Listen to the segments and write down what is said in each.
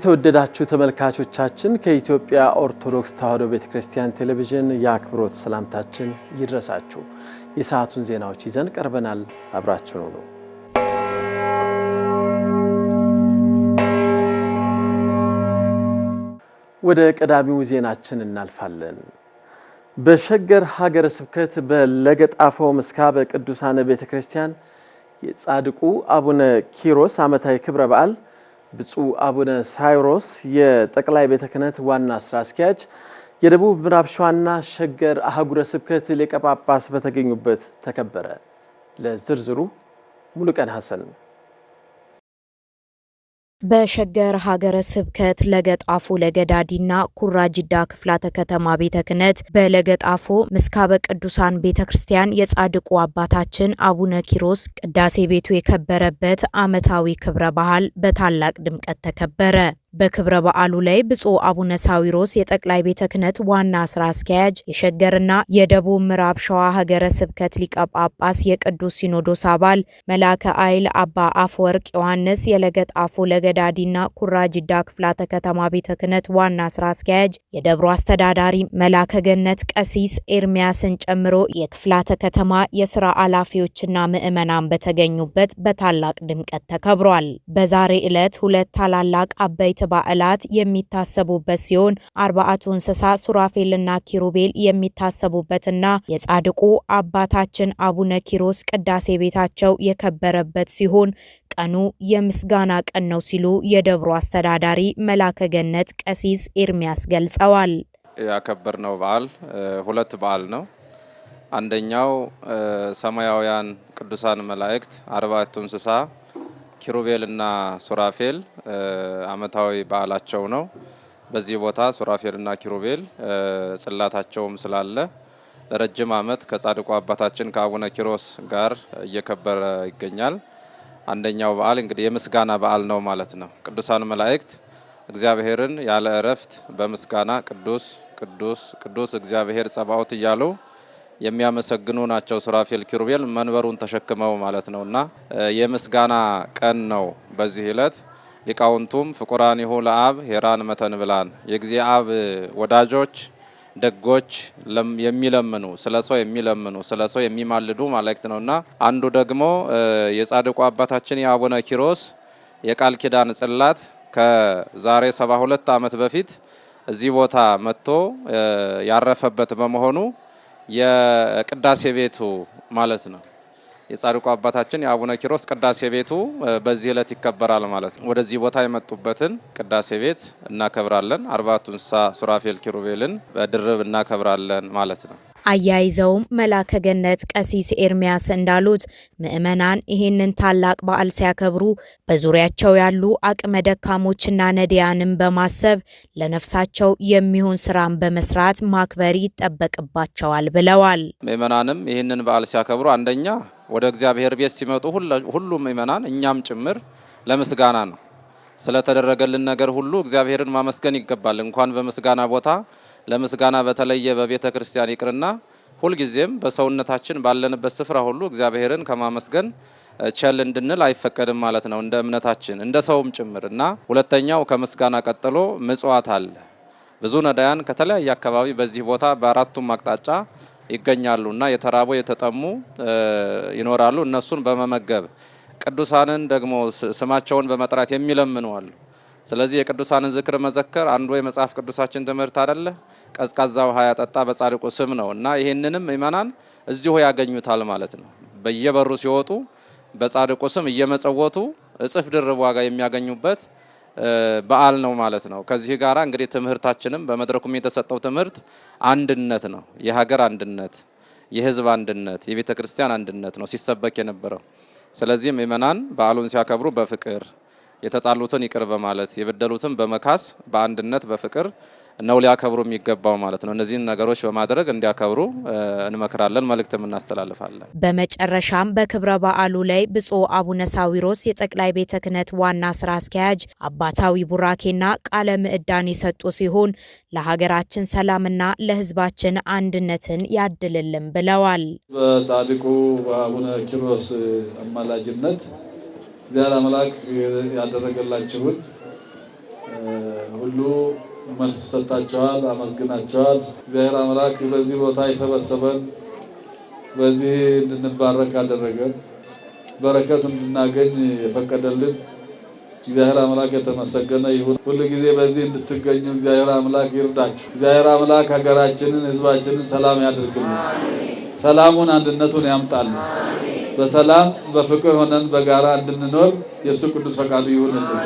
የተወደዳችሁ ተመልካቾቻችን ከኢትዮጵያ ኦርቶዶክስ ተዋሕዶ ቤተ ክርስቲያን ቴሌቪዥን የአክብሮት ሰላምታችን ይድረሳችሁ። የሰዓቱን ዜናዎች ይዘን ቀርበናል። አብራችኑ ነው። ወደ ቀዳሚው ዜናችን እናልፋለን። በሸገር ሀገረ ስብከት በለገጣፎ ምስካ በቅዱሳነ ቤተ ክርስቲያን የጻድቁ አቡነ ኪሮስ ዓመታዊ ክብረ በዓል ብፁዕ አቡነ ሳይሮስ የጠቅላይ ቤተ ክህነት ዋና ስራ አስኪያጅ የደቡብ ምዕራብ ሸዋና ሸገር አህጉረ ስብከት ሊቀ ጳጳስ በተገኙበት ተከበረ። ለዝርዝሩ ሙሉቀን ሐሰን ነው። በሸገር ሀገረ ስብከት ለገጣፎ ለገዳዲና ኩራ ጅዳ ክፍላተ ከተማ ቤተ ክህነት በለገጣፎ ምስካበ ቅዱሳን ቤተ ክርስቲያን የጻድቁ አባታችን አቡነ ኪሮስ ቅዳሴ ቤቱ የከበረበት ዓመታዊ ክብረ በዓል በታላቅ ድምቀት ተከበረ። በክብረ በዓሉ ላይ ብፁዕ አቡነ ሳዊሮስ የጠቅላይ ቤተ ክህነት ዋና ስራ አስኪያጅ የሸገርና የደቡብ ምዕራብ ሸዋ ሀገረ ስብከት ሊቀ ጳጳስ የቅዱስ ሲኖዶስ አባል መላከ አይል አባ አፈወርቅ ዮሐንስ የለገጣፎ ለገዳዲና ኩራ ጅዳ ክፍላተ ከተማ ቤተ ክህነት ዋና ስራ አስኪያጅ የደብሮ አስተዳዳሪ መላከ ገነት ቀሲስ ኤርሚያስን ጨምሮ የክፍላተ ከተማ የስራ ኃላፊዎችና ምዕመናን በተገኙበት በታላቅ ድምቀት ተከብሯል። በዛሬ ዕለት ሁለት ታላላቅ አበይት የጥምቀት በዓላት የሚታሰቡበት ሲሆን አርባአቱ እንስሳ ሱራፌልና ኪሩቤል የሚታሰቡበትና የጻድቁ አባታችን አቡነ ኪሮስ ቅዳሴ ቤታቸው የከበረበት ሲሆን ቀኑ የምስጋና ቀን ነው ሲሉ የደብሮ አስተዳዳሪ መላከ ገነት ቀሲስ ኤርሚያስ ገልጸዋል። ያከበርነው በዓል ሁለት በዓል ነው። አንደኛው ሰማያውያን ቅዱሳን መላእክት አርባዕቱ እንስሳ ኪሩቤል እና ሱራፌል አመታዊ በዓላቸው ነው። በዚህ ቦታ ሱራፌል እና ኪሩቤል ጽላታቸውም ስላለ ለረጅም አመት ከጻድቁ አባታችን ከአቡነ ኪሮስ ጋር እየከበረ ይገኛል። አንደኛው በዓል እንግዲህ የምስጋና በዓል ነው ማለት ነው። ቅዱሳን መላእክት እግዚአብሔርን ያለ እረፍት በምስጋና ቅዱስ ቅዱስ ቅዱስ እግዚአብሔር ጸባኦት እያሉ የሚያመሰግኑ ናቸው። ሱራፌል ኪሩቤል መንበሩን ተሸክመው ማለት ነውና የምስጋና ቀን ነው በዚህ ዕለት ሊቃውንቱም ፍቁራኒሁ ለአብ ሄራን መተን ብላን የጊዜ አብ ወዳጆች ደጎች የሚለምኑ ስለ ሰው የሚለምኑ ስለ ሰው የሚማልዱ ማለት ነውና አንዱ ደግሞ የጻድቁ አባታችን የአቡነ ኪሮስ የቃል ኪዳን ጽላት ከዛሬ 72 ዓመት በፊት እዚህ ቦታ መጥቶ ያረፈበት በመሆኑ የቅዳሴ ቤቱ ማለት ነው። የጻድቁ አባታችን የአቡነ ኪሮስ ቅዳሴ ቤቱ በዚህ ዕለት ይከበራል ማለት ነው። ወደዚህ ቦታ የመጡበትን ቅዳሴ ቤት እናከብራለን። አርባቱ እንስሳ ሱራፌል ኪሩቤልን በድርብ እናከብራለን ማለት ነው። አያይዘውም መላከ ገነት ቀሲስ ኤርሚያስ እንዳሉት ምዕመናን ይህንን ታላቅ በዓል ሲያከብሩ በዙሪያቸው ያሉ አቅመ ደካሞችና ነዳያንን በማሰብ ለነፍሳቸው የሚሆን ስራን በመስራት ማክበር ይጠበቅባቸዋል ብለዋል። ምዕመናንም ይህንን በዓል ሲያከብሩ አንደኛ ወደ እግዚአብሔር ቤት ሲመጡ ሁሉም ምዕመናን እኛም ጭምር ለምስጋና ነው። ስለተደረገልን ነገር ሁሉ እግዚአብሔርን ማመስገን ይገባል። እንኳን በምስጋና ቦታ ለምስጋና በተለየ በቤተ ክርስቲያን ይቅርና ሁልጊዜም በሰውነታችን ባለንበት ስፍራ ሁሉ እግዚአብሔርን ከማመስገን ቸል እንድንል አይፈቀድም ማለት ነው። እንደ እምነታችን እንደ ሰውም ጭምር እና ሁለተኛው ከምስጋና ቀጥሎ ምጽዋት አለ። ብዙ ነዳያን ከተለያየ አካባቢ በዚህ ቦታ በአራቱም አቅጣጫ ይገኛሉ እና የተራቡ የተጠሙ ይኖራሉ። እነሱን በመመገብ ቅዱሳንን ደግሞ ስማቸውን በመጥራት የሚለምኑ አሉ። ስለዚህ የቅዱሳንን ዝክር መዘከር አንዱ የመጽሐፍ ቅዱሳችን ትምህርት አደለ? ቀዝቃዛ ውሃ ያጠጣ በጻድቁ ስም ነው እና ይህንንም ምእመናን እዚሁ ያገኙታል ማለት ነው። በየበሩ ሲወጡ በጻድቁ ስም እየመጸወቱ እጽፍ ድርብ ዋጋ የሚያገኙበት በዓል ነው ማለት ነው። ከዚህ ጋር እንግዲህ ትምህርታችንም በመድረኩም የተሰጠው ትምህርት አንድነት ነው። የሀገር አንድነት፣ የህዝብ አንድነት፣ የቤተ ክርስቲያን አንድነት ነው ሲሰበክ የነበረው። ስለዚህም ምእመናን በዓሉን ሲያከብሩ በፍቅር የተጣሉትን ይቅር በማለት የበደሉትን በመካስ በአንድነት በፍቅር ነው ሊያከብሩ የሚገባው ማለት ነው። እነዚህን ነገሮች በማድረግ እንዲያከብሩ እንመክራለን፣ መልእክትም እናስተላልፋለን። በመጨረሻም በክብረ በዓሉ ላይ ብፁዕ አቡነ ሳዊሮስ የጠቅላይ ቤተ ክህነት ዋና ስራ አስኪያጅ አባታዊ ቡራኬና ቃለ ምዕዳን የሰጡ ሲሆን ለሀገራችን ሰላምና ለሕዝባችን አንድነትን ያድልልን ብለዋል። በጻድቁ በአቡነ ኪሮስ አማላጅነት እግዚአብሔር አምላክ ያደረገላችሁን ሁሉ መልስ ሰጣችኋል፣ አመስግናችኋል። እግዚአብሔር አምላክ በዚህ ቦታ የሰበሰበን በዚህ እንድንባረክ አደረገን፣ በረከት እንድናገኝ የፈቀደልን እግዚአብሔር አምላክ የተመሰገነ ይሁን። ሁሉ ጊዜ በዚህ እንድትገኙ እግዚአብሔር አምላክ ይርዳችሁ። እግዚአብሔር አምላክ ሀገራችንን፣ ህዝባችንን ሰላም ያድርግልን። ሰላሙን አንድነቱን ያምጣልን። በሰላም በፍቅር ሆነን በጋራ እንድንኖር የእሱ ቅዱስ ፈቃዱ ይሁንልን።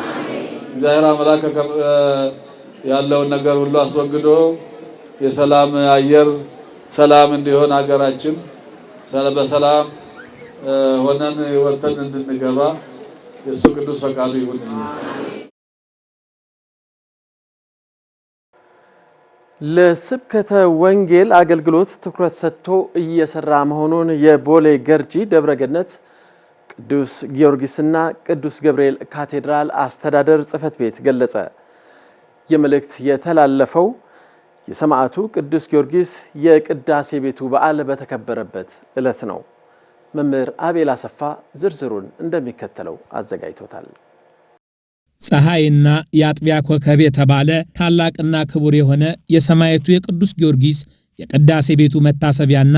እግዚአብሔር አምላክ ያለውን ነገር ሁሉ አስወግዶ የሰላም አየር ሰላም እንዲሆን ሀገራችን በሰላም ሆነን ወጥተን እንድንገባ የእሱ ቅዱስ ፈቃዱ ይሁንልን። ለስብከተ ወንጌል አገልግሎት ትኩረት ሰጥቶ እየሰራ መሆኑን የቦሌ ገርጂ ደብረገነት ቅዱስ ጊዮርጊስና ቅዱስ ገብርኤል ካቴድራል አስተዳደር ጽሕፈት ቤት ገለጸ። የመልእክት የተላለፈው የሰማዕቱ ቅዱስ ጊዮርጊስ የቅዳሴ ቤቱ በዓል በተከበረበት ዕለት ነው። መምህር አቤል አሰፋ ዝርዝሩን እንደሚከተለው አዘጋጅቶታል። ፀሐይና የአጥቢያ ኮከብ የተባለ ታላቅና ክቡር የሆነ የሰማዕቱ የቅዱስ ጊዮርጊስ የቅዳሴ ቤቱ መታሰቢያና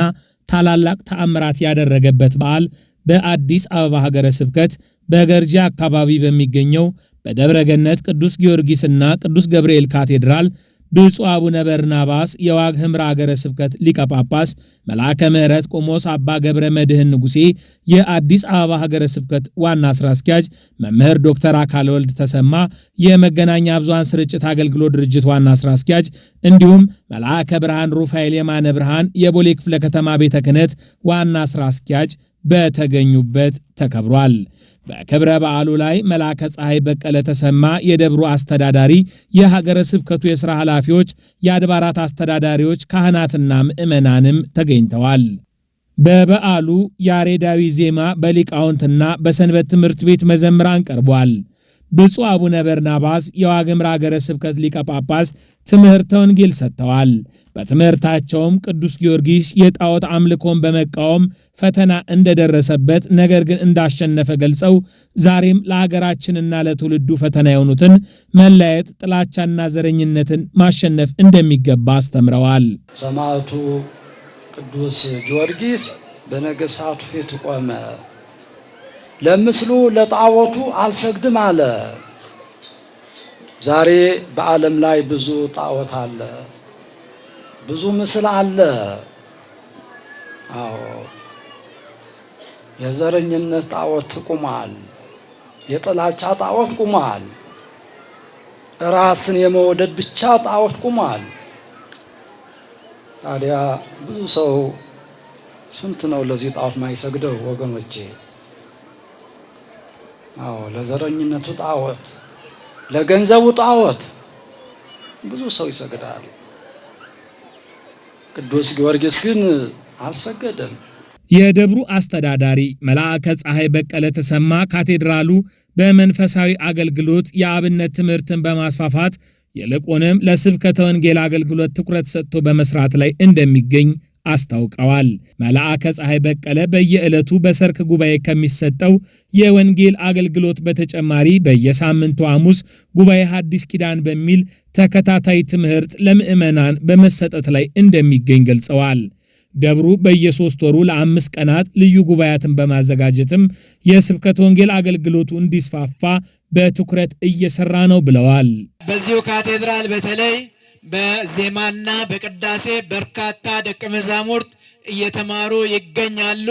ታላላቅ ተአምራት ያደረገበት በዓል በአዲስ አበባ ሀገረ ስብከት በገርጂ አካባቢ በሚገኘው በደብረ ገነት ቅዱስ ጊዮርጊስና ቅዱስ ገብርኤል ካቴድራል ብፁዕ አቡነ በርናባስ የዋግ ህምራ አገረ ስብከት ሊቀ ጳጳስ፣ መልአከ ምሕረት ቆሞስ አባ ገብረ መድህን ንጉሴ የአዲስ አበባ ሀገረ ስብከት ዋና ስራ አስኪያጅ፣ መምህር ዶክተር አካል ወልድ ተሰማ የመገናኛ ብዙሃን ስርጭት አገልግሎት ድርጅት ዋና ስራ አስኪያጅ፣ እንዲሁም መልአከ ብርሃን ሩፋኤል የማነ ብርሃን የቦሌ ክፍለ ከተማ ቤተ ክህነት ዋና ስራ አስኪያጅ በተገኙበት ተከብሯል። በክብረ በዓሉ ላይ መላከ ፀሐይ በቀለ ተሰማ፣ የደብሩ አስተዳዳሪ፣ የሀገረ ስብከቱ የሥራ ኃላፊዎች፣ የአድባራት አስተዳዳሪዎች፣ ካህናትና ምዕመናንም ተገኝተዋል። በበዓሉ ያሬዳዊ ዜማ በሊቃውንትና በሰንበት ትምህርት ቤት መዘምራን ቀርቧል። ብፁዕ አቡነ በርናባስ የዋግምራ ሀገረ ስብከት ሊቀ ጳጳስ ትምህርተ ወንጌል ሰጥተዋል። በትምህርታቸውም ቅዱስ ጊዮርጊስ የጣዖት አምልኮን በመቃወም ፈተና እንደደረሰበት ነገር ግን እንዳሸነፈ ገልጸው ዛሬም ለሀገራችንና ለትውልዱ ፈተና የሆኑትን መለያየት፣ ጥላቻና ዘረኝነትን ማሸነፍ እንደሚገባ አስተምረዋል። ሰማዕቱ ቅዱስ ጊዮርጊስ በነገሥታቱ ፊት ቆመ። ለምስሉ ለጣዖቱ አልሰግድም አለ። ዛሬ በዓለም ላይ ብዙ ጣዖት አለ፣ ብዙ ምስል አለ። አዎ የዘረኝነት ጣዖት ቁሟል፣ የጥላቻ ጣዖት ቁሟል፣ ራስን የመወደድ ብቻ ጣዖት ቁሟል። ታዲያ ብዙ ሰው ስንት ነው ለዚህ ጣዖት ማይሰግደው ወገኖቼ? አዎ ለዘረኝነቱ ጣዖት፣ ለገንዘቡ ጣዖት ብዙ ሰው ይሰግዳል። ቅዱስ ጊዮርጊስ ግን አልሰገደም። የደብሩ አስተዳዳሪ መልአከ ፀሐይ በቀለ ተሰማ ካቴድራሉ በመንፈሳዊ አገልግሎት የአብነት ትምህርትን በማስፋፋት ይልቁንም ለስብከተ ወንጌል አገልግሎት ትኩረት ሰጥቶ በመስራት ላይ እንደሚገኝ አስታውቀዋል። መልአከ ፀሐይ በቀለ በየዕለቱ በሰርክ ጉባኤ ከሚሰጠው የወንጌል አገልግሎት በተጨማሪ በየሳምንቱ ሐሙስ ጉባኤ ሐዲስ ኪዳን በሚል ተከታታይ ትምህርት ለምዕመናን በመሰጠት ላይ እንደሚገኝ ገልጸዋል። ደብሩ በየሶስት ወሩ ለአምስት ቀናት ልዩ ጉባኤያትን በማዘጋጀትም የስብከት ወንጌል አገልግሎቱ እንዲስፋፋ በትኩረት እየሰራ ነው ብለዋል። በዚሁ ካቴድራል በተለይ በዜማና በቅዳሴ በርካታ ደቀ መዛሙርት እየተማሩ ይገኛሉ።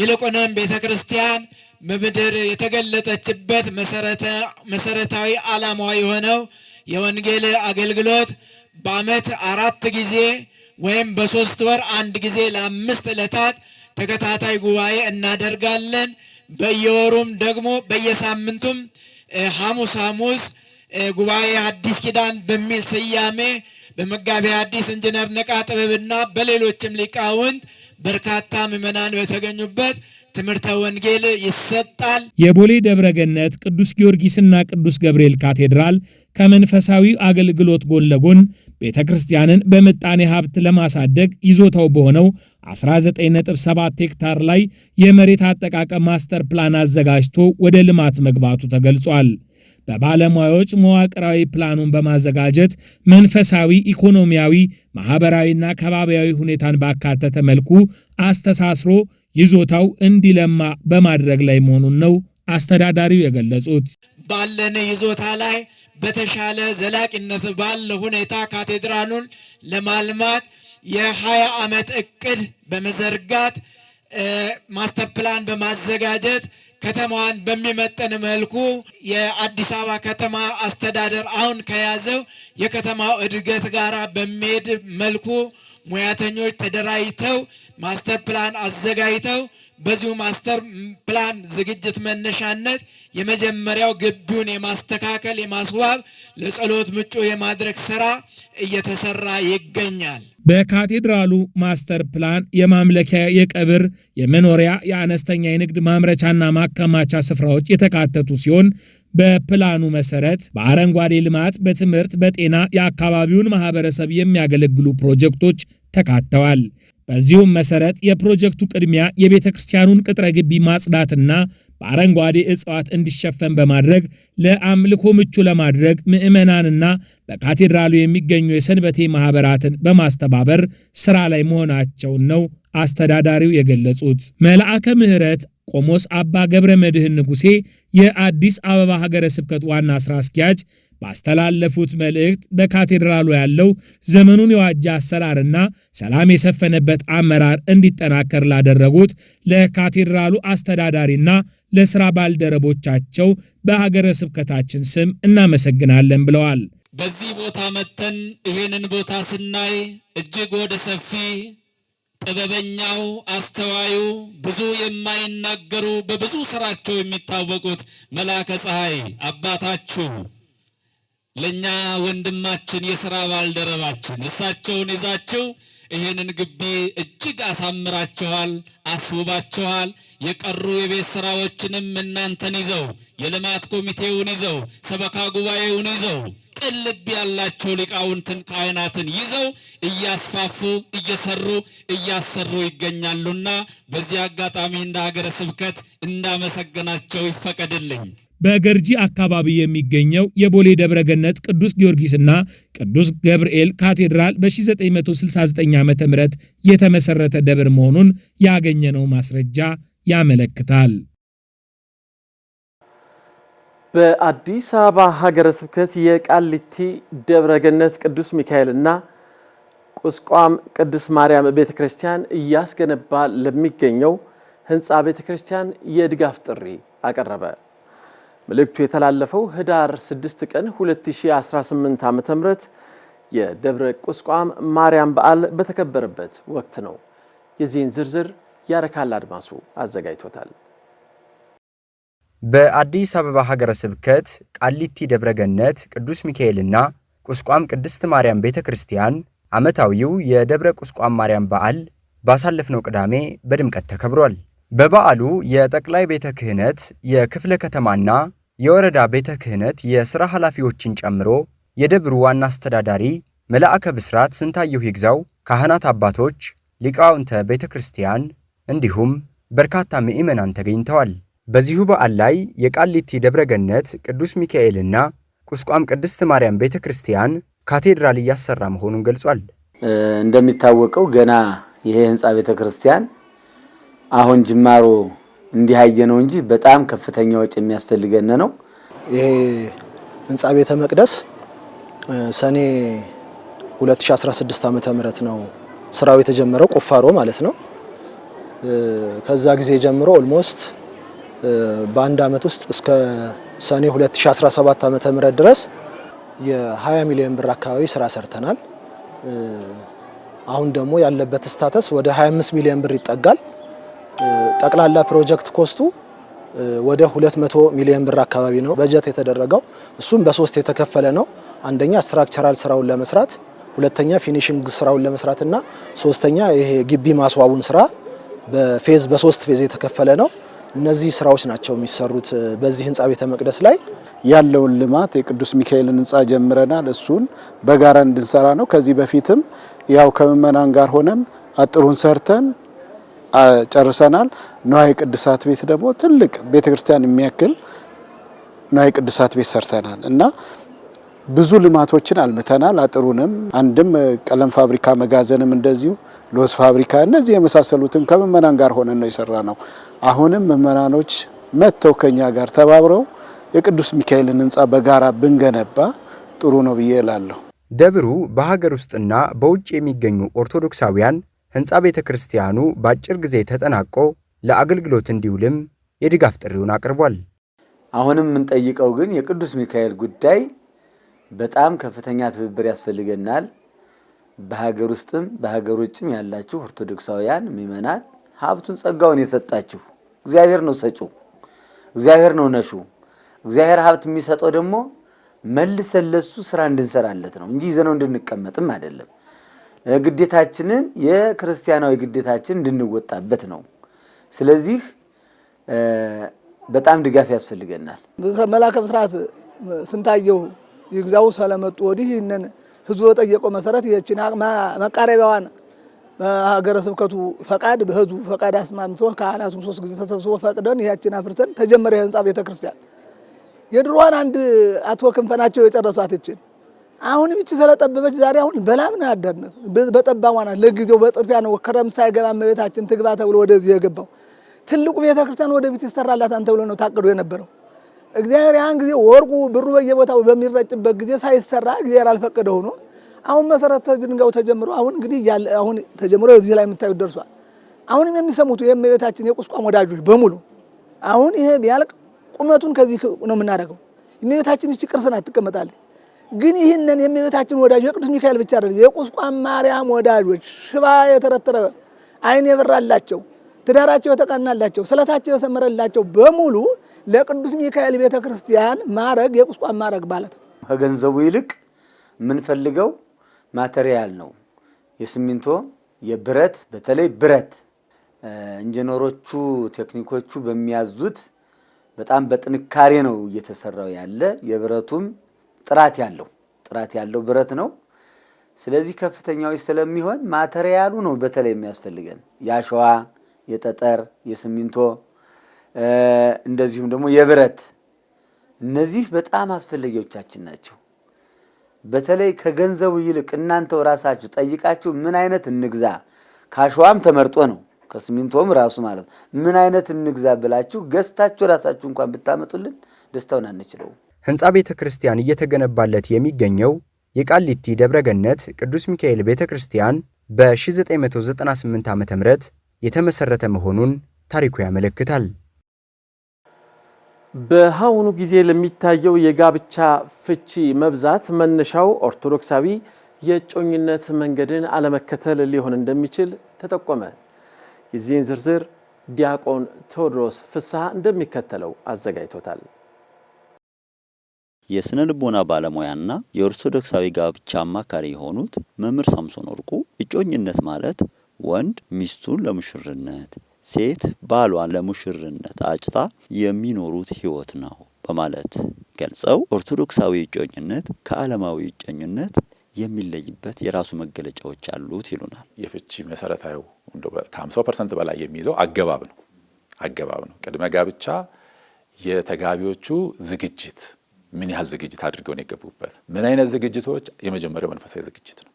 ይልቁንም ቤተ ክርስቲያን በምድር የተገለጠችበት መሰረታዊ ዓላማዋ የሆነው የወንጌል አገልግሎት በዓመት አራት ጊዜ ወይም በሶስት ወር አንድ ጊዜ ለአምስት ዕለታት ተከታታይ ጉባኤ እናደርጋለን። በየወሩም ደግሞ በየሳምንቱም ሐሙስ ሐሙስ ጉባኤ አዲስ ኪዳን በሚል ስያሜ በመጋቢያ አዲስ ኢንጂነር ነቃ ጥበብና በሌሎችም ሊቃውንት በርካታ ምዕመናን የተገኙበት ትምህርተ ወንጌል ይሰጣል። የቦሌ ደብረገነት ቅዱስ ጊዮርጊስና ቅዱስ ገብርኤል ካቴድራል ከመንፈሳዊ አገልግሎት ጎን ለጎን ቤተ ክርስቲያንን በምጣኔ ሀብት ለማሳደግ ይዞታው በሆነው 19.7 ሄክታር ላይ የመሬት አጠቃቀም ማስተር ፕላን አዘጋጅቶ ወደ ልማት መግባቱ ተገልጿል። በባለሙያዎች መዋቅራዊ ፕላኑን በማዘጋጀት መንፈሳዊ፣ ኢኮኖሚያዊ፣ ማኅበራዊና ከባቢያዊ ሁኔታን ባካተተ መልኩ አስተሳስሮ ይዞታው እንዲለማ በማድረግ ላይ መሆኑን ነው አስተዳዳሪው የገለጹት። ባለን ይዞታ ላይ በተሻለ ዘላቂነት ባለ ሁኔታ ካቴድራሉን ለማልማት የሀያ ዓመት እቅድ በመዘርጋት ማስተር ፕላን በማዘጋጀት ከተማዋን በሚመጥን መልኩ የአዲስ አበባ ከተማ አስተዳደር አሁን ከያዘው የከተማው እድገት ጋር በሚሄድ መልኩ ሙያተኞች ተደራጅተው ማስተር ፕላን አዘጋጅተው በዚሁ ማስተር ፕላን ዝግጅት መነሻነት የመጀመሪያው ግቢውን የማስተካከል የማስዋብ ለጸሎት ምቹ የማድረግ ስራ እየተሰራ ይገኛል። በካቴድራሉ ማስተር ፕላን የማምለኪያ፣ የቀብር፣ የመኖሪያ፣ የአነስተኛ የንግድ ማምረቻና ማከማቻ ስፍራዎች የተካተቱ ሲሆን በፕላኑ መሰረት በአረንጓዴ ልማት፣ በትምህርት፣ በጤና የአካባቢውን ማህበረሰብ የሚያገለግሉ ፕሮጀክቶች ተካተዋል። በዚሁም መሰረት የፕሮጀክቱ ቅድሚያ የቤተ ክርስቲያኑን ቅጥረ ግቢ ማጽዳትና በአረንጓዴ እጽዋት እንዲሸፈን በማድረግ ለአምልኮ ምቹ ለማድረግ ምዕመናንና በካቴድራሉ የሚገኙ የሰንበቴ ማኅበራትን በማስተባበር ሥራ ላይ መሆናቸውን ነው አስተዳዳሪው የገለጹት መልአከ ምሕረት ቆሞስ አባ ገብረ መድህን ንጉሴ የአዲስ አበባ ሀገረ ስብከት ዋና ሥራ አስኪያጅ ባስተላለፉት መልእክት በካቴድራሉ ያለው ዘመኑን የዋጀ አሰራርና ሰላም የሰፈነበት አመራር እንዲጠናከር ላደረጉት ለካቴድራሉ አስተዳዳሪና ለሥራ ባልደረቦቻቸው በሀገረ ስብከታችን ስም እናመሰግናለን ብለዋል። በዚህ ቦታ መጥተን ይህንን ቦታ ስናይ እጅግ ወደ ሰፊ ጥበበኛው፣ አስተዋዩ፣ ብዙ የማይናገሩ በብዙ ስራቸው የሚታወቁት መልአከ ፀሐይ አባታችሁ ለእኛ ወንድማችን የሥራ ባልደረባችን እሳቸውን ይዛችሁ ይህንን ግቢ እጅግ አሳምራችኋል፣ አስውባችኋል። የቀሩ የቤት ስራዎችንም እናንተን ይዘው የልማት ኮሚቴውን ይዘው ሰበካ ጉባኤውን ይዘው ቅልብ ያላቸው ሊቃውንትን ካህናትን ይዘው እያስፋፉ እየሰሩ እያሰሩ ይገኛሉና በዚህ አጋጣሚ እንደ ሀገረ ስብከት እንዳመሰገናቸው ይፈቀድልኝ። በገርጂ አካባቢ የሚገኘው የቦሌ ደብረገነት ቅዱስ ጊዮርጊስና ቅዱስ ገብርኤል ካቴድራል በ1969 ዓ ም የተመሰረተ ደብር መሆኑን ያገኘነው ማስረጃ ያመለክታል። በአዲስ አበባ ሀገረ ስብከት የቃሊቲ ደብረገነት ቅዱስ ሚካኤልና ቁስቋም ቅዱስ ማርያም ቤተ ክርስቲያን እያስገነባ ለሚገኘው ህንፃ ቤተ ክርስቲያን የድጋፍ ጥሪ አቀረበ። መልእክቱ የተላለፈው ህዳር 6 ቀን 2018 ዓ.ም የደብረ ቁስቋም ማርያም በዓል በተከበረበት ወቅት ነው። የዚህን ዝርዝር ያረካል አድማሱ አዘጋጅቶታል። በአዲስ አበባ ሀገረ ስብከት ቃሊቲ ደብረ ገነት ቅዱስ ሚካኤልና ቁስቋም ቅድስት ማርያም ቤተ ክርስቲያን ዓመታዊው የደብረ ቁስቋም ማርያም በዓል ባሳለፍነው ቅዳሜ በድምቀት ተከብሯል። በበዓሉ የጠቅላይ ቤተ ክህነት የክፍለ ከተማና የወረዳ ቤተ ክህነት የሥራ ኃላፊዎችን ጨምሮ የደብሩ ዋና አስተዳዳሪ መልአከ ብስራት ስንታየሁ ይግዛው፣ ካህናት አባቶች፣ ሊቃውንተ ቤተ ክርስቲያን እንዲሁም በርካታ ምዕመናን ተገኝተዋል። በዚሁ በዓል ላይ የቃሊቲ ደብረገነት ቅዱስ ሚካኤልና ቁስቋም ቅድስት ማርያም ቤተ ክርስቲያን ካቴድራል እያሰራ መሆኑን ገልጿል። እንደሚታወቀው ገና ይሄ ህንፃ ቤተ ክርስቲያን አሁን ጅማሮ እንዲያየ ነው እንጂ በጣም ከፍተኛ ወጪ የሚያስፈልገን ነው። ይሄ ህንጻ ቤተ መቅደስ ሰኔ 2016 ዓመተ ምህረት ነው ስራው የተጀመረው ቁፋሮ ማለት ነው። ከዛ ጊዜ ጀምሮ ኦልሞስት በአንድ አመት ውስጥ እስከ ሰኔ 2017 ዓመተ ምህረት ድረስ የ20 ሚሊዮን ብር አካባቢ ስራ ሰርተናል። አሁን ደግሞ ያለበት ስታተስ ወደ 25 ሚሊዮን ብር ይጠጋል። ጠቅላላ ፕሮጀክት ኮስቱ ወደ 200 ሚሊዮን ብር አካባቢ ነው በጀት የተደረገው። እሱም በሶስት የተከፈለ ነው። አንደኛ ስትራክቸራል ስራውን ለመስራት፣ ሁለተኛ ፊኒሽንግ ስራውን ለመስራት እና ሶስተኛ ይሄ ግቢ ማስዋቡን ስራ በፌዝ በሶስት ፌዝ የተከፈለ ነው። እነዚህ ስራዎች ናቸው የሚሰሩት በዚህ ህንፃ ቤተ መቅደስ ላይ ያለውን ልማት የቅዱስ ሚካኤልን ህንፃ ጀምረናል። እሱን በጋራ እንድንሰራ ነው። ከዚህ በፊትም ያው ከምእመናን ጋር ሆነን አጥሩን ሰርተን ጨርሰናል። ንዋየ ቅድሳት ቤት ደግሞ ትልቅ ቤተ ክርስቲያን የሚያክል ንዋየ ቅድሳት ቤት ሰርተናል እና ብዙ ልማቶችን አልምተናል። አጥሩንም አንድም ቀለም ፋብሪካ መጋዘንም እንደዚሁ ሎስ ፋብሪካ እነዚህ የመሳሰሉትን ከምዕመናን ጋር ሆነን ነው የሰራ ነው። አሁንም ምዕመናኖች መጥተው ከኛ ጋር ተባብረው የቅዱስ ሚካኤልን ህንፃ በጋራ ብንገነባ ጥሩ ነው ብዬ እላለሁ። ደብሩ በሀገር ውስጥና በውጭ የሚገኙ ኦርቶዶክሳውያን ሕንፃ ቤተ ክርስቲያኑ በአጭር ጊዜ ተጠናቆ ለአገልግሎት እንዲውልም የድጋፍ ጥሪውን አቅርቧል። አሁንም የምንጠይቀው ግን የቅዱስ ሚካኤል ጉዳይ በጣም ከፍተኛ ትብብር ያስፈልገናል። በሀገር ውስጥም በሀገር ውጭም ያላችሁ ኦርቶዶክሳውያን ምእመናን ሀብቱን ጸጋውን የሰጣችሁ እግዚአብሔር ነው ሰጪው፣ እግዚአብሔር ነው ነሹ። እግዚአብሔር ሀብት የሚሰጠው ደግሞ መልሰን ለሱ ስራ እንድንሰራለት ነው እንጂ ይዘነው እንድንቀመጥም አይደለም። ግዴታችንን የክርስቲያናዊ ግዴታችን እንድንወጣበት ነው። ስለዚህ በጣም ድጋፍ ያስፈልገናል። መላከ ብስራት ስንታየው ይግዛው ስለመጡ ወዲህ ይህንን ህዝቡ በጠየቀው መሰረት የችን መቃረቢያዋን ሀገረ ስብከቱ ፈቃድ በህዝቡ ፈቃድ አስማምቶ ካህናቱም ሶስት ጊዜ ተሰብስቦ ፈቅደን ያችን አፍርሰን ተጀመረ የህንፃ ቤተክርስቲያን የድሮዋን አንድ አቶ ክንፈናቸው የጨረሷት ይችን አሁንም ይቺ ስለጠበበች ዛሬ አሁን በላም ነው ያደርነው። በጠባሟ ናት። ለጊዜው በጥርፊያ ነው ከረም ሳይገባ እመቤታችን ትግባ ተብሎ ወደዚህ የገባው ትልቁ ቤተ ክርስቲያን ወደፊት ይሰራላታን ተብሎ ነው ታቅዶ የነበረው። እግዚአብሔር ያን ጊዜ ወርቁ ብሩ በየቦታው በሚረጭበት ጊዜ ሳይሰራ እግዚአብሔር አልፈቀደ ሆኖ አሁን መሰረተ ድንጋው ተጀምሮ አሁን እንግዲህ አሁን ተጀምሮ እዚህ ላይ የምታዩት ደርሷል። አሁንም የሚሰሙት የእመቤታችን የቁስቋም ወዳጆች በሙሉ አሁን ይሄ ቢያልቅ ቁመቱን ከዚህ ነው የምናደርገው። የእመቤታችን ይቺ ቅርስ ናት ትቀመጣለች። ግን ይህንን የሚመታችን ወዳጅ የቅዱስ ሚካኤል ብቻ አይደለም፣ የቁስቋም ማርያም ወዳጆች ሽባ የተረተረ አይን የበራላቸው ትዳራቸው የተቀናላቸው ስለታቸው የሰመረላቸው በሙሉ ለቅዱስ ሚካኤል ቤተ ክርስቲያን ማረግ የቁስቋም ማረግ ማለት ነው። ከገንዘቡ ይልቅ የምንፈልገው ማቴሪያል ነው። የሲሚንቶ የብረት፣ በተለይ ብረት ኢንጂነሮቹ ቴክኒኮቹ በሚያዙት በጣም በጥንካሬ ነው እየተሰራው ያለ የብረቱም ጥራት ያለው ጥራት ያለው ብረት ነው። ስለዚህ ከፍተኛው ስለሚሆን ማተሪያሉ ነው በተለይ የሚያስፈልገን የአሸዋ፣ የጠጠር፣ የሲሚንቶ እንደዚሁም ደግሞ የብረት እነዚህ በጣም አስፈላጊዎቻችን ናቸው። በተለይ ከገንዘቡ ይልቅ እናንተው ራሳችሁ ጠይቃችሁ ምን አይነት እንግዛ፣ ከአሸዋም ተመርጦ ነው ከሲሚንቶም ራሱ ማለት ምን አይነት እንግዛ ብላችሁ ገዝታችሁ ራሳችሁ እንኳን ብታመጡልን ደስታውን አንችለውም። ህንፃ ቤተ ክርስቲያን እየተገነባለት የሚገኘው የቃሊቲ ደብረገነት ቅዱስ ሚካኤል ቤተ ክርስቲያን በ1998 ዓ ም የተመሠረተ መሆኑን ታሪኩ ያመለክታል። በአሁኑ ጊዜ ለሚታየው የጋብቻ ፍቺ መብዛት መነሻው ኦርቶዶክሳዊ የእጮኝነት መንገድን አለመከተል ሊሆን እንደሚችል ተጠቆመ። የዚህን ዝርዝር ዲያቆን ቴዎድሮስ ፍስሐ እንደሚከተለው አዘጋጅቶታል። የስነ ልቦና ባለሙያና የኦርቶዶክሳዊ ጋብቻ አማካሪ የሆኑት መምህር ሳምሶን ወርቁ እጮኝነት ማለት ወንድ ሚስቱን ለሙሽርነት፣ ሴት ባሏን ለሙሽርነት አጭታ የሚኖሩት ህይወት ነው በማለት ገልጸው ኦርቶዶክሳዊ እጮኝነት ከዓለማዊ እጮኝነት የሚለይበት የራሱ መገለጫዎች አሉት ይሉናል። የፍቺ መሰረታዊ ከ50 ፐርሰንት በላይ የሚይዘው አገባብ ነው አገባብ ነው። ቅድመ ጋብቻ የተጋቢዎቹ ዝግጅት ምን ያህል ዝግጅት አድርገው የገቡበት? ምን አይነት ዝግጅቶች? የመጀመሪያው መንፈሳዊ ዝግጅት ነው።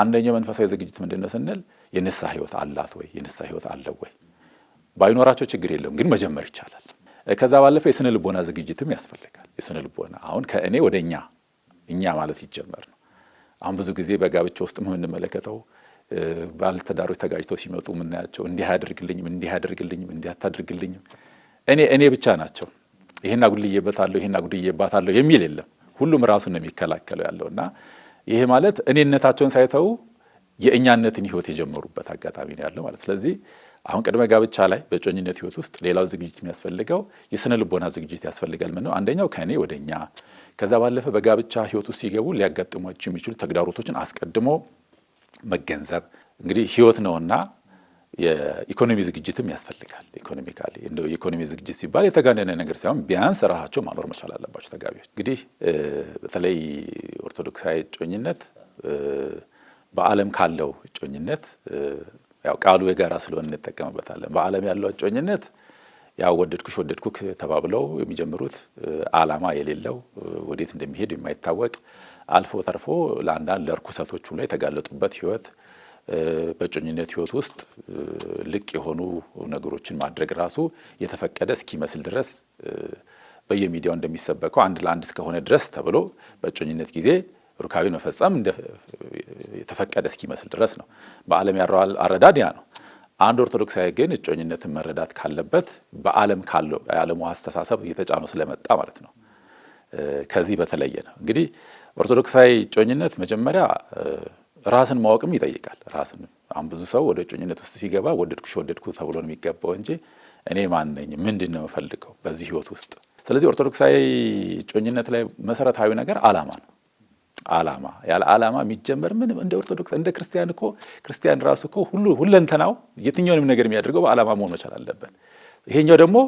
አንደኛው መንፈሳዊ ዝግጅት ምንድን ነው ስንል የንስሐ ህይወት አላት ወይ? የንስሐ ህይወት አለው ወይ? ባይኖራቸው ችግር የለውም፣ ግን መጀመር ይቻላል። ከዛ ባለፈው የስነ ልቦና ዝግጅትም ያስፈልጋል። የስነ ልቦና አሁን ከእኔ ወደ እኛ እኛ ማለት ይጀመር ነው። አሁን ብዙ ጊዜ በጋብቻ ውስጥ የምንመለከተው ባለትዳሮች ተጋጭተው ሲመጡ የምናያቸው እንዲህ አያደርግልኝም፣ እንዲህ አያደርግልኝም፣ እንዲህ አታደርግልኝም፣ እኔ እኔ ብቻ ናቸው ይህን አጉድዬበታለሁ ይህን አጉድዬባታለሁ የሚል የለም። ሁሉም ራሱን ነው የሚከላከለው ያለው እና ይሄ ማለት እኔነታቸውን ሳይተው የእኛነትን ህይወት የጀመሩበት አጋጣሚ ነው ያለው ማለት። ስለዚህ አሁን ቅድመ ጋብቻ ላይ በጮኝነት ህይወት ውስጥ ሌላው ዝግጅት የሚያስፈልገው የስነ ልቦና ዝግጅት ያስፈልጋል። ምን ነው አንደኛው ከእኔ ወደ እኛ፣ ከዛ ባለፈ በጋብቻ ህይወት ውስጥ ሲገቡ ሊያጋጥሟቸው የሚችሉ ተግዳሮቶችን አስቀድሞ መገንዘብ እንግዲህ ህይወት ነውና የኢኮኖሚ ዝግጅትም ያስፈልጋል። ኢኮኖሚካሊ እንደ የኢኮኖሚ ዝግጅት ሲባል የተጋነነ ነገር ሳይሆን ቢያንስ ራሳቸው ማኖር መቻል አለባቸው ተጋቢዎች። እንግዲህ በተለይ ኦርቶዶክሳዊ እጮኝነት በዓለም ካለው እጮኝነት ያው ቃሉ የጋራ ስለሆነ እንጠቀምበታለን። በዓለም ያለው እጮኝነት ያው ወደድኩሽ ወደድኩክ ተባብለው የሚጀምሩት ዓላማ የሌለው ወዴት እንደሚሄድ የማይታወቅ አልፎ ተርፎ ለአንዳንድ ለርኩሰቶች ላይ የተጋለጡበት ህይወት በእጮኝነት ህይወት ውስጥ ልቅ የሆኑ ነገሮችን ማድረግ ራሱ የተፈቀደ እስኪመስል ድረስ በየሚዲያው እንደሚሰበከው አንድ ለአንድ እስከሆነ ድረስ ተብሎ በእጮኝነት ጊዜ ሩካቤን መፈጸም የተፈቀደ እስኪመስል ድረስ ነው። በዓለም ያረዋል አረዳድ ያ ነው። አንድ ኦርቶዶክሳዊ ግን እጮኝነትን መረዳት ካለበት በዓለም ካለው የዓለሙ አስተሳሰብ እየተጫኑ ስለመጣ ማለት ነው። ከዚህ በተለየ ነው እንግዲህ ኦርቶዶክሳዊ እጮኝነት መጀመሪያ ራስን ማወቅም ይጠይቃል። ራስን አሁን ብዙ ሰው ወደ እጮኝነት ውስጥ ሲገባ ወደድኩሽ ወደድኩ ተብሎ ነው የሚገባው እንጂ እኔ ማን ነኝ? ምንድን ነው የምፈልገው በዚህ ህይወት ውስጥ? ስለዚህ ኦርቶዶክሳዊ እጮኝነት ላይ መሰረታዊ ነገር አላማ ነው። አላማ ያለ አላማ የሚጀመር ምንም እንደ ኦርቶዶክስ እንደ ክርስቲያን እኮ ክርስቲያን ራሱ እኮ ሁሉ ሁለንተናው የትኛውንም ነገር የሚያደርገው በአላማ መሆን መቻል አለበት። ይሄኛው ደግሞ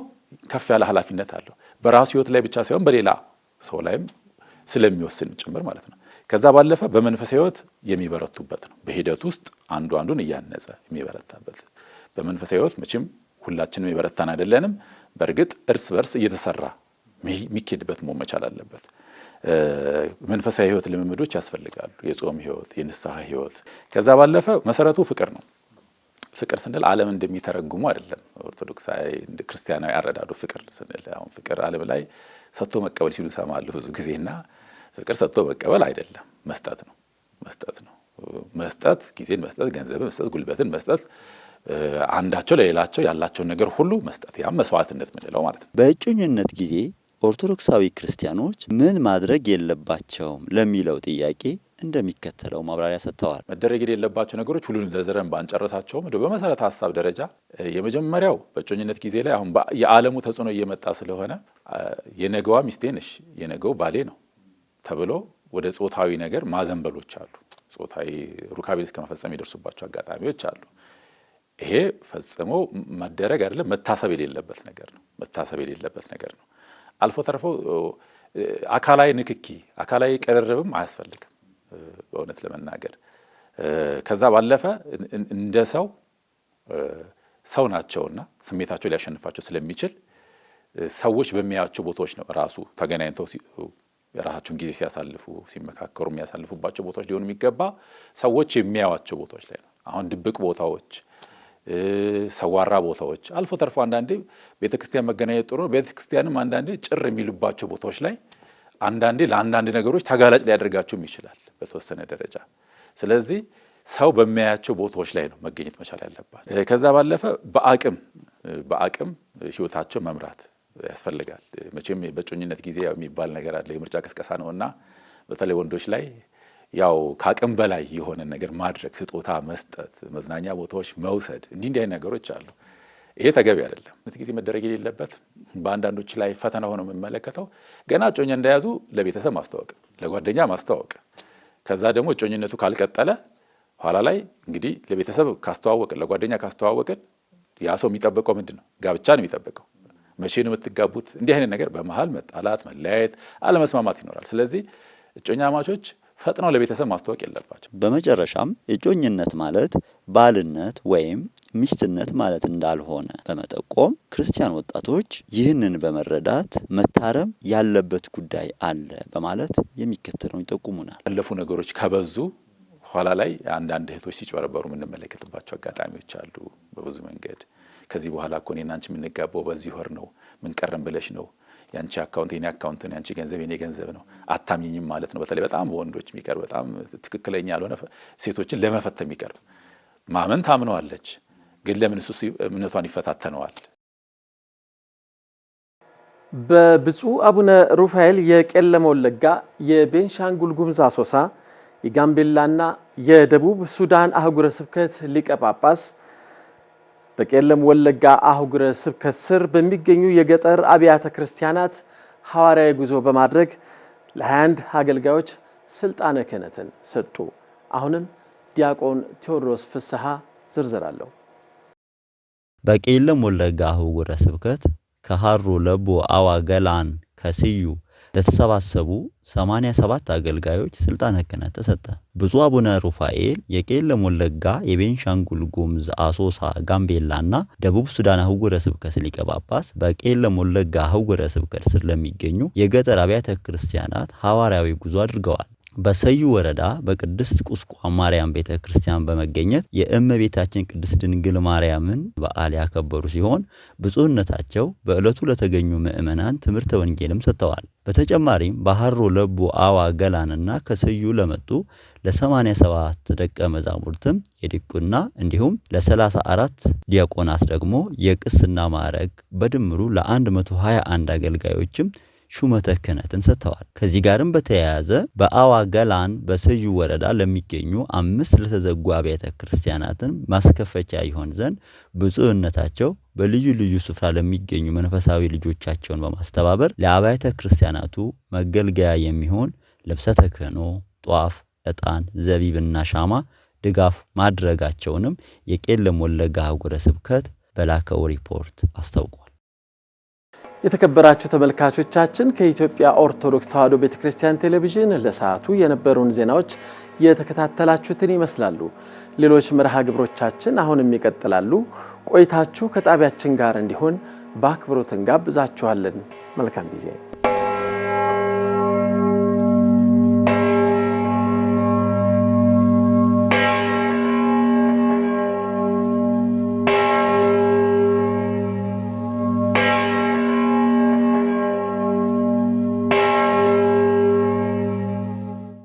ከፍ ያለ ኃላፊነት አለው በራሱ ህይወት ላይ ብቻ ሳይሆን በሌላ ሰው ላይም ስለሚወስን ጭምር ማለት ነው። ከዛ ባለፈ በመንፈስ ህይወት የሚበረቱበት ነው። በሂደት ውስጥ አንዱ አንዱን እያነጸ የሚበረታበት በመንፈስ ህይወት መቼም ሁላችንም የበረታን አይደለንም። በእርግጥ እርስ በርስ እየተሰራ የሚኬድበት መሆን መቻል አለበት። መንፈሳዊ ህይወት ልምምዶች ያስፈልጋሉ። የጾም ህይወት፣ የንስሐ ህይወት። ከዛ ባለፈ መሰረቱ ፍቅር ነው። ፍቅር ስንል ዓለም እንደሚተረጉሙ አይደለም። ኦርቶዶክሳዊ ክርስቲያናዊ አረዳዱ ፍቅር ስንል አሁን ፍቅር ዓለም ላይ ሰጥቶ መቀበል ሲሉ እሰማለሁ ብዙ ጊዜና ፍቅር ሰጥቶ መቀበል አይደለም፣ መስጠት ነው። መስጠት ነው። መስጠት ጊዜን መስጠት፣ ገንዘብን መስጠት፣ ጉልበትን መስጠት፣ አንዳቸው ለሌላቸው ያላቸውን ነገር ሁሉ መስጠት፣ ያም መስዋዕትነት ምንለው ማለት ነው። በእጮኝነት ጊዜ ኦርቶዶክሳዊ ክርስቲያኖች ምን ማድረግ የለባቸውም ለሚለው ጥያቄ እንደሚከተለው ማብራሪያ ሰጥተዋል። መደረግ የሌለባቸው ነገሮች ሁሉንም ዘርዝረን ባንጨረሳቸውም እንደ በመሰረተ ሀሳብ ደረጃ የመጀመሪያው በእጮኝነት ጊዜ ላይ አሁን የዓለሙ ተጽዕኖ እየመጣ ስለሆነ የነገዋ ሚስቴ ነሽ፣ የነገው ባሌ ነው ተብሎ ወደ ጾታዊ ነገር ማዘንበሎች አሉ። ጾታዊ ሩካቤል እስከ መፈጸም የደርሱባቸው አጋጣሚዎች አሉ። ይሄ ፈጽሞ መደረግ አይደለም፣ መታሰብ የሌለበት ነገር ነው። መታሰብ የሌለበት ነገር ነው። አልፎ ተርፎ አካላዊ ንክኪ፣ አካላዊ ቅርርብም አያስፈልግም በእውነት ለመናገር ከዛ ባለፈ እንደ ሰው ሰው ናቸውና ስሜታቸው ሊያሸንፋቸው ስለሚችል ሰዎች በሚያያቸው ቦታዎች ነው ራሱ ተገናኝተው የራሳቸውን ጊዜ ሲያሳልፉ ሲመካከሩ የሚያሳልፉባቸው ቦታዎች ሊሆኑ የሚገባ ሰዎች የሚያዩዋቸው ቦታዎች ላይ ነው። አሁን ድብቅ ቦታዎች፣ ሰዋራ ቦታዎች፣ አልፎ ተርፎ አንዳንዴ ቤተክርስቲያን መገናኘት ጥሩ ነው። ቤተክርስቲያንም አንዳንዴ ጭር የሚሉባቸው ቦታዎች ላይ አንዳንዴ ለአንዳንድ ነገሮች ተጋላጭ ሊያደርጋቸውም ይችላል በተወሰነ ደረጃ። ስለዚህ ሰው በሚያያቸው ቦታዎች ላይ ነው መገኘት መቻል ያለባት። ከዛ ባለፈ በአቅም በአቅም ህይወታቸው መምራት ያስፈልጋል። መቼም በእጮኝነት ጊዜ የሚባል ነገር አለ፣ የምርጫ ቅስቀሳ ነው እና በተለይ ወንዶች ላይ ያው ከአቅም በላይ የሆነ ነገር ማድረግ፣ ስጦታ መስጠት፣ መዝናኛ ቦታዎች መውሰድ፣ እንዲህ እንዲህ አይነት ነገሮች አሉ። ይሄ ተገቢ አይደለም። ምት ጊዜ መደረግ የሌለበት በአንዳንዶች ላይ ፈተና ሆኖ የምመለከተው ገና እጮኛ እንደያዙ ለቤተሰብ ማስተዋወቅ፣ ለጓደኛ ማስተዋወቅ ከዛ ደግሞ እጮኝነቱ ካልቀጠለ ኋላ ላይ እንግዲህ ለቤተሰብ ካስተዋወቅን፣ ለጓደኛ ካስተዋወቅን ያ ሰው የሚጠብቀው ምንድን ነው? ጋብቻ ነው የሚጠብቀው። መቼ ነው የምትጋቡት? እንዲህ አይነት ነገር በመሀል መጣላት፣ መለያየት፣ አለመስማማት ይኖራል። ስለዚህ እጮኛ ማቾች ፈጥነው ለቤተሰብ ማስታወቅ የለባቸው። በመጨረሻም እጮኝነት ማለት ባልነት ወይም ሚስትነት ማለት እንዳልሆነ በመጠቆም ክርስቲያን ወጣቶች ይህንን በመረዳት መታረም ያለበት ጉዳይ አለ በማለት የሚከተለውን ይጠቁሙናል። ያለፉ ነገሮች ከበዙ ኋላ ላይ አንዳንድ እህቶች ሲጭበረበሩ የምንመለከትባቸው አጋጣሚዎች አሉ በብዙ መንገድ ከዚህ በኋላ እኮ እኔና አንቺ የምንጋባው በዚህ ወር ነው፣ ምን ቀረን ብለሽ ነው ያንቺ አካውንት የኔ አካውንት ነው፣ ያንቺ ገንዘብ የኔ ገንዘብ ነው፣ አታምኝም ማለት ነው። በተለይ በጣም በወንዶች የሚቀርብ በጣም ትክክለኛ ያልሆነ ሴቶችን ለመፈተን የሚቀርብ ማመን ታምነዋለች፣ ግን ለምን እሱ እምነቷን ይፈታተነዋል። በብፁዕ አቡነ ሩፋኤል የቄለም ወለጋ፣ የቤንሻንጉል ጉምዝ አሶሳ፣ የጋምቤላና የደቡብ ሱዳን አህጉረ ስብከት ሊቀ ጳጳስ በቄለም ወለጋ አህጉረ ስብከት ስር በሚገኙ የገጠር አብያተ ክርስቲያናት ሐዋርያዊ ጉዞ በማድረግ ለ21 አገልጋዮች ስልጣነ ክህነትን ሰጡ። አሁንም ዲያቆን ቴዎድሮስ ፍስሐ ዝርዝር አለው። በቄለም ወለጋ አህጉረ ስብከት ከሃሮ ለቦ አዋ ገላን ከስዩ ለተሰባሰቡ 87 ሰባት አገልጋዮች ስልጣን ክህነት ተሰጠ። ብፁዕ አቡነ ሩፋኤል የቄለም ወለጋ፣ የቤንሻንጉል ጉምዝ፣ አሶሳ፣ ጋምቤላ ና ደቡብ ሱዳን አህጉረ ስብከት ሊቀ ጳጳስ በቄለም ወለጋ አህጉረ ስብከት ስር ለሚገኙ የገጠር አብያተ ክርስቲያናት ሐዋርያዊ ጉዞ አድርገዋል። በሰዩ ወረዳ በቅድስት ቁስቋም ማርያም ቤተ ክርስቲያን በመገኘት የእመቤታችን ቅድስት ድንግል ማርያምን በዓል ያከበሩ ሲሆን ብፁዕነታቸው በዕለቱ ለተገኙ ምዕመናን ትምህርተ ወንጌልም ሰጥተዋል። በተጨማሪም ባህሮ ለቡ አዋ ገላንና ከሰዩ ለመጡ ለ87 ደቀ መዛሙርትም የዲቁና እንዲሁም ለ34 ዲያቆናት ደግሞ የቅስና ማዕረግ በድምሩ ለ121 አገልጋዮችም ሹመተ ክህነትን ሰጥተዋል። ከዚህ ጋርም በተያያዘ በአዋ ገላን በሰዩ ወረዳ ለሚገኙ አምስት ለተዘጉ አብያተ ክርስቲያናትን ማስከፈቻ ይሆን ዘንድ ብፁዕነታቸው በልዩ ልዩ ስፍራ ለሚገኙ መንፈሳዊ ልጆቻቸውን በማስተባበር ለአብያተ ክርስቲያናቱ መገልገያ የሚሆን ልብሰተ ክህኖ፣ ጧፍ፣ ዕጣን፣ ዘቢብና ሻማ ድጋፍ ማድረጋቸውንም የቄለም ወለጋ አህጉረ ስብከት በላከው ሪፖርት አስታውቋል። የተከበራችሁ ተመልካቾቻችን ከኢትዮጵያ ኦርቶዶክስ ተዋሕዶ ቤተ ክርስቲያን ቴሌቪዥን ለሰዓቱ የነበሩን ዜናዎች የተከታተላችሁትን ይመስላሉ። ሌሎች መርሃ ግብሮቻችን አሁንም ይቀጥላሉ። ቆይታችሁ ከጣቢያችን ጋር እንዲሆን በአክብሮት እንጋብዛችኋለን። መልካም ጊዜ